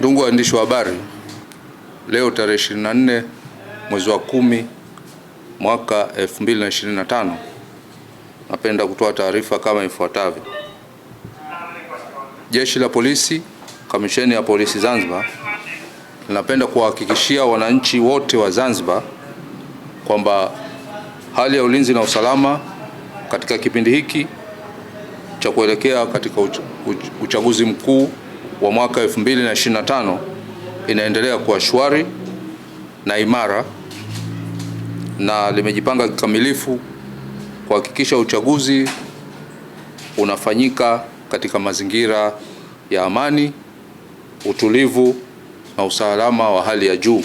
Ndugu waandishi wa habari, leo tarehe 24 mwezi wa kumi mwaka 2025, napenda kutoa taarifa kama ifuatavyo. Jeshi la Polisi, Kamisheni ya Polisi Zanzibar, linapenda kuwahakikishia wananchi wote wa Zanzibar kwamba hali ya ulinzi na usalama katika kipindi hiki cha kuelekea katika uch uch uchaguzi mkuu wa mwaka 2025 inaendelea kuwa shwari na imara na limejipanga kikamilifu kuhakikisha uchaguzi unafanyika katika mazingira ya amani, utulivu na usalama wa hali ya juu.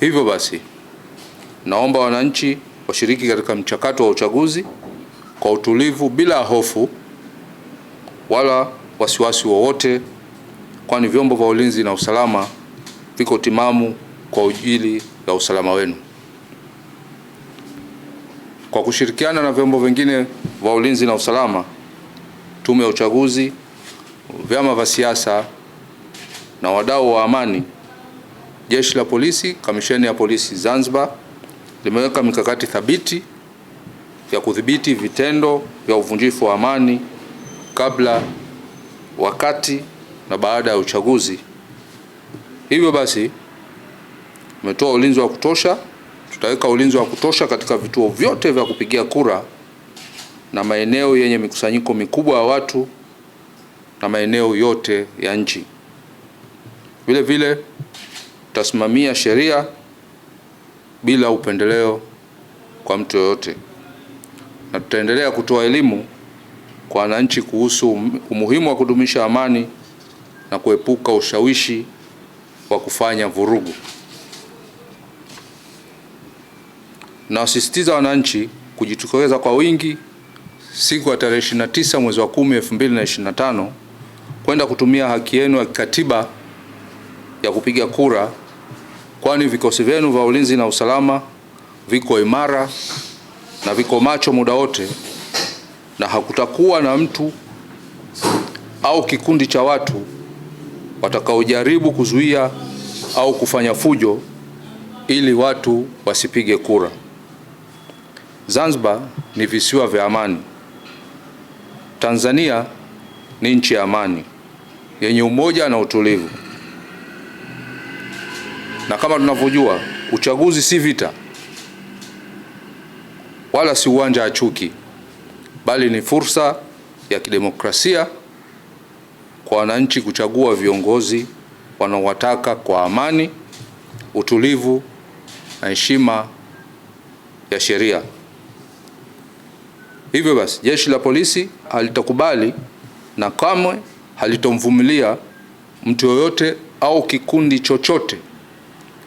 Hivyo basi, naomba wananchi washiriki katika mchakato wa uchaguzi kwa utulivu bila hofu wala wasiwasi wowote, kwani vyombo vya ulinzi na usalama viko timamu kwa ajili ya usalama wenu. Kwa kushirikiana na vyombo vingine vya ulinzi na usalama, tume ya uchaguzi, vyama vya siasa na wadau wa amani, jeshi la polisi, kamisheni ya polisi Zanzibar limeweka mikakati thabiti ya kudhibiti vitendo vya uvunjifu wa amani kabla wakati na baada ya uchaguzi. Hivyo basi tumetoa ulinzi wa kutosha, tutaweka ulinzi wa kutosha katika vituo vyote vya kupigia kura na maeneo yenye mikusanyiko mikubwa ya watu na maeneo yote ya nchi. Vile vile tutasimamia sheria bila upendeleo kwa mtu yoyote, na tutaendelea kutoa elimu kwa wananchi kuhusu um, umuhimu wa kudumisha amani na kuepuka ushawishi wa kufanya vurugu. Nawasisitiza wananchi kujitokeza kwa wingi siku ya tarehe 29 mwezi wa 10 2025 kwenda kutumia haki yenu ya kikatiba ya kupiga kura, kwani vikosi vyenu vya ulinzi na usalama viko imara na viko macho muda wote na hakutakuwa na mtu au kikundi cha watu watakaojaribu kuzuia au kufanya fujo ili watu wasipige kura. Zanzibar ni visiwa vya amani. Tanzania ni nchi ya amani yenye umoja na utulivu. Na kama tunavyojua, uchaguzi si vita wala si uwanja wa chuki bali ni fursa ya kidemokrasia kwa wananchi kuchagua viongozi wanaowataka kwa amani, utulivu na heshima ya sheria. Hivyo basi, jeshi la polisi halitakubali na kamwe halitomvumilia mtu yoyote au kikundi chochote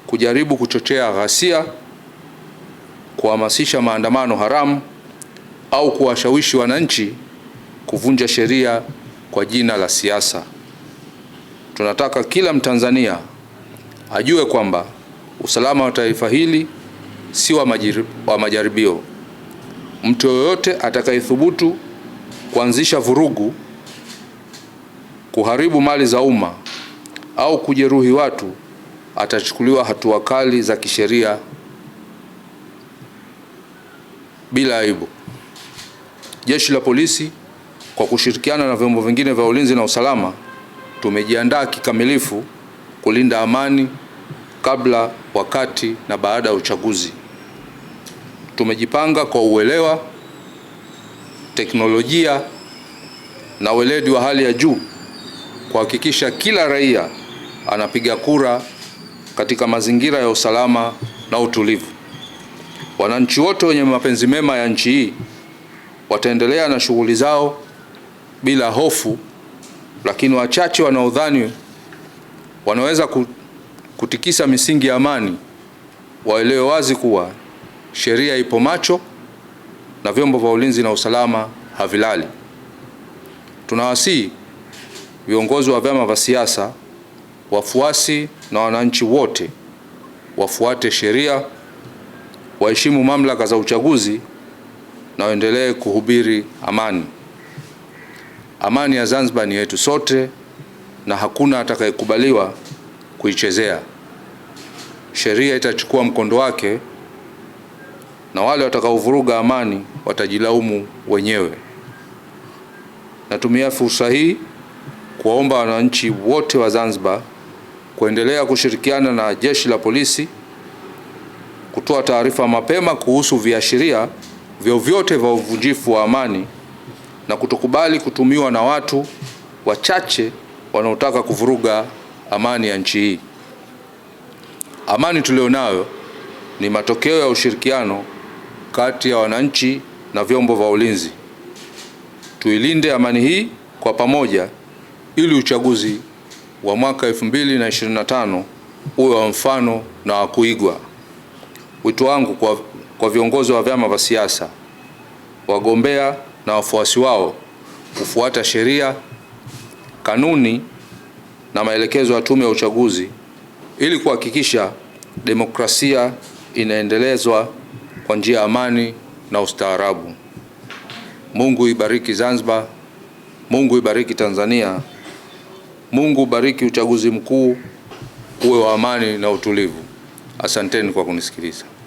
kujaribu kuchochea ghasia, kuhamasisha maandamano haramu au kuwashawishi wananchi kuvunja sheria kwa jina la siasa. Tunataka kila Mtanzania ajue kwamba usalama wa taifa hili si wa majaribio. Mtu yoyote atakayethubutu kuanzisha vurugu, kuharibu mali za umma au kujeruhi watu atachukuliwa hatua kali za kisheria bila aibu. Jeshi la Polisi kwa kushirikiana na vyombo vingine vya ulinzi na usalama tumejiandaa kikamilifu kulinda amani kabla, wakati na baada ya uchaguzi. Tumejipanga kwa uelewa, teknolojia na weledi wa hali ya juu kuhakikisha kila raia anapiga kura katika mazingira ya usalama na utulivu. Wananchi wote wenye mapenzi mema ya nchi hii wataendelea na shughuli zao bila hofu, lakini wachache wanaodhani wanaweza kutikisa misingi ya amani waelewe wazi kuwa sheria ipo macho na vyombo vya ulinzi na usalama havilali. Tunawasihi viongozi wa vyama vya siasa, wafuasi na wananchi wote wafuate sheria, waheshimu mamlaka za uchaguzi na waendelee kuhubiri amani. Amani ya Zanzibar ni yetu sote na hakuna atakayekubaliwa kuichezea. Sheria itachukua mkondo wake na wale watakaovuruga amani watajilaumu wenyewe. Natumia fursa hii kuwaomba wananchi wote wa Zanzibar kuendelea kushirikiana na jeshi la polisi kutoa taarifa mapema kuhusu viashiria vyovyote vya uvujifu wa amani na kutokubali kutumiwa na watu wachache wanaotaka kuvuruga amani ya nchi hii. Amani tuliyonayo ni matokeo ya ushirikiano kati ya wananchi na vyombo vya ulinzi. Tuilinde amani hii kwa pamoja ili uchaguzi wa mwaka 2025 uwe wa mfano na wa kuigwa. Wito wangu kwa kwa viongozi wa vyama vya siasa, wagombea na wafuasi wao kufuata sheria, kanuni na maelekezo ya Tume ya Uchaguzi ili kuhakikisha demokrasia inaendelezwa kwa njia ya amani na ustaarabu. Mungu ibariki Zanzibar, Mungu ibariki Tanzania, Mungu bariki uchaguzi mkuu uwe wa amani na utulivu. Asanteni kwa kunisikiliza.